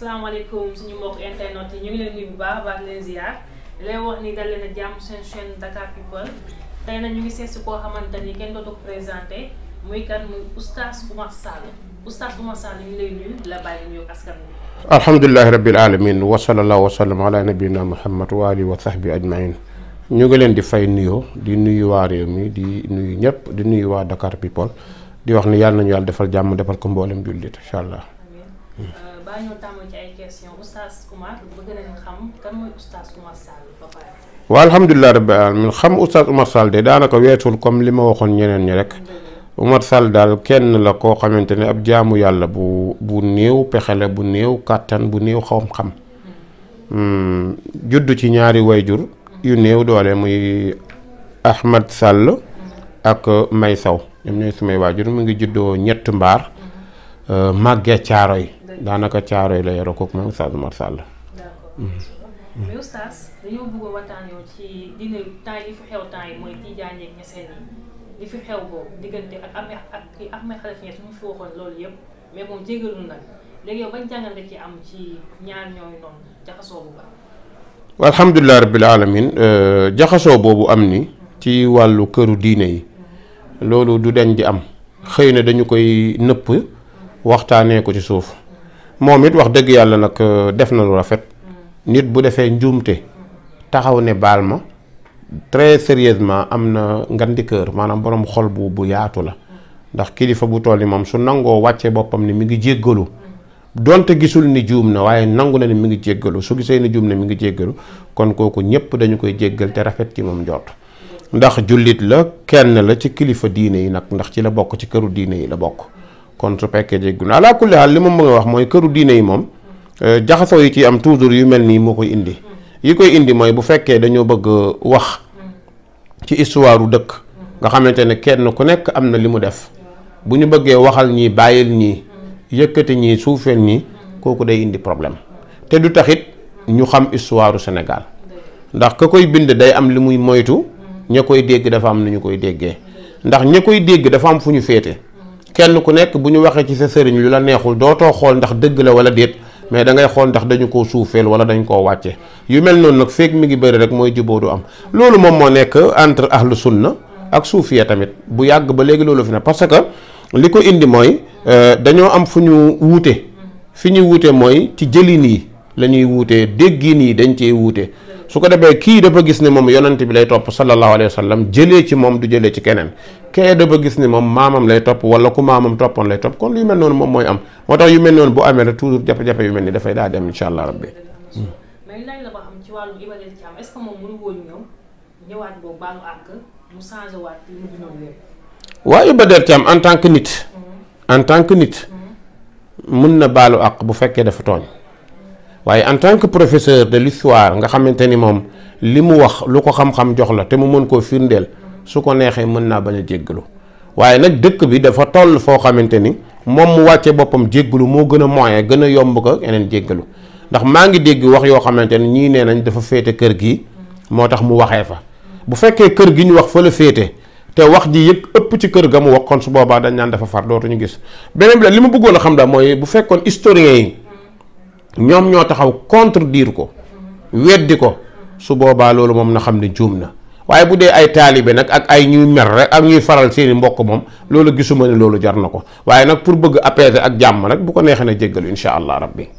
salaamaaleykum suñu mbokk internet yi ñu ngi leen wa sallallahu wa sallam ala wa alihi wa sahbi ajmain ñu leen di fay nuyoo di nuyu waa réew mi di nuyu ñëpp di nuyu waa Dakar People di wax ni yàlla nañu yàlla defal jàmm defal ko mboolem jullit incha allah. balaa ñoo tàmm ci xam kan mooy oustaz Oumar Sall ba pare. daanaka weesul comme li ma waxoon ñeneen ñi rek. Oumar Sall daal kenn la koo xamante ne ab jaamu yàlla bu bu néew pexe bu néew kàttan bu néew xam-xam. Hmm, juddu ci ñaari wayjur yu néew doole muy Ahmad Sall ak May Saw ñoom ñooy sumay waajur mu ngi juddoo ñett mbaar hmm. uh, màggee caaro yi daanaka caaroy la yoroo kooku mooy Oustaz Oumar mm-hmm. mm-hmm. mais Oustaz dañoo bëgg a waxtaan yow ci dina temps yi fi xew temps yi mooy Tijaan ak Ñaseen yi li fi xew boobu diggante ak am ak kii Ahmed Khalifa Niass mu fi waxoon loolu yëpp mais moom jégalu nag léegi yow bañ jàngal ci am ci ñaar ñooy noonu jaxasoo bu baax. alhamdulilah rabbil alamin euh, jaxasoo boobu am ni ci wàllu këru diine yi mm-hmm. loolu du dañ di am xëy na dañu koy nëpp waxtaanee ko ci suuf. moom it wax dëgg yàlla nag euh, def na lu rafet nit bu defee njuumte taxaw ne baal ma très sérieusement am na ngandikër maanaam borom xol bu bu yaatu la ndax kilifa bu toll yi moom su nangoo wàccee boppam ni mi ngi jéggalu donte gisul ni juum na waaye nangu na ni mi ngi jéggalu su gisee ni juum na mi ngi jéggalu kon kooku ñëpp dañu koy jéggal te rafet ci moom njort ndax jullit la kenn la ci kilifa diine yi nag ndax ci la bokk ci këru diine yi la bokk kon su pekkee jéggu na ala kulli li ma bëgg a wax mooy këru diine yi moom euh, jaxasoo yi ci am toujours yu mel nii moo koy indi yi koy indi mooy bu fekkee dañoo bëgg wax ci histoire dëkk nga xamante ne kenn ku nekk am na li mu def bu ñu bëggee waxal ñii bàyyil ñii yëkkati ñi suufeel ñii kooku day indi problème te du taxit ñu xam histoire senegal ndax ka koy bind day am li muy moytu ña koy dégg dafa am na ñu koy déggee ndax ña koy dégg dafa am fu ñu féete. kenn ku nekk bu ñu waxee ci sa sëriñ lu la neexul dootoo xool ndax dëgg la wala déet mais da ngay xool ndax dañu ko suufeel wala dañ koo wàcce yu mel noonu nag feek mi ngi bëri rek mooy jubóo du am loolu moom moo nekk entre ahlu sunna ak suufiya tamit bu yàgg ba léegi loolu fi ne parce que li ko indi mooy euh, dañoo am fu ñu wuute fi ñuy wuute mooy ci jëlin yi lañuy ñuy wuutee déggin yi dañ cee wuute su ko defee kii dafa gis ne moom yonent bi lay topp sallallahu alayhi wa sallam jëlee ci moom du jëlee ci keneen kee dafa gis ni moom maamam lay topp wala ku maamam toppoon lay topp kon lu mel noonu moom mooy am moo tax yu mel noonu bu amee rek toujours ni dafay daal di am incha allah rabbi mais laaj la ba en tant que nit. Mm-hmm. en tant que nit. Mm-hmm. mun na baalu àq bu fekkee dafa tooñ. waaye en tant que professeur de l'histoire nga xamante ni moom li mu wax lu ko xam-xam jox la te mu mën koo firndeel su ko neexee mën naa bañ a jéggalu waaye nag dëkk bi dafa toll foo xamante ni moom mu wàcce boppam jéggalu moo gën a moyen gën a yomb ko yeneen jéggalu ndax maa ngi dégg wax yoo xamante ni ñii nee nañ dafa féete kër gi moo tax mu waxee fa bu fekkee kër gi ñu wax fa la féete te wax ji yëg ëpp ci kër ga mu wax kon su boobaa dañ naan dafa far dootuñu gis beneen li ma bëggoon a xam daal mooy bu fekkoon historien yi ñoom ñoo taxaw contredire ko weddi ko su boobaa loolu moom na xam ne juum na waaye bu dee ay taalibe nag ak ay ñuy mer rek ak ñuy faral seeni mbokk moom loolu gisuma ne loolu jar na ko waaye nag pour bëgg apaiser ak jàmm nag bu ko neexee na jéggal incha allah bi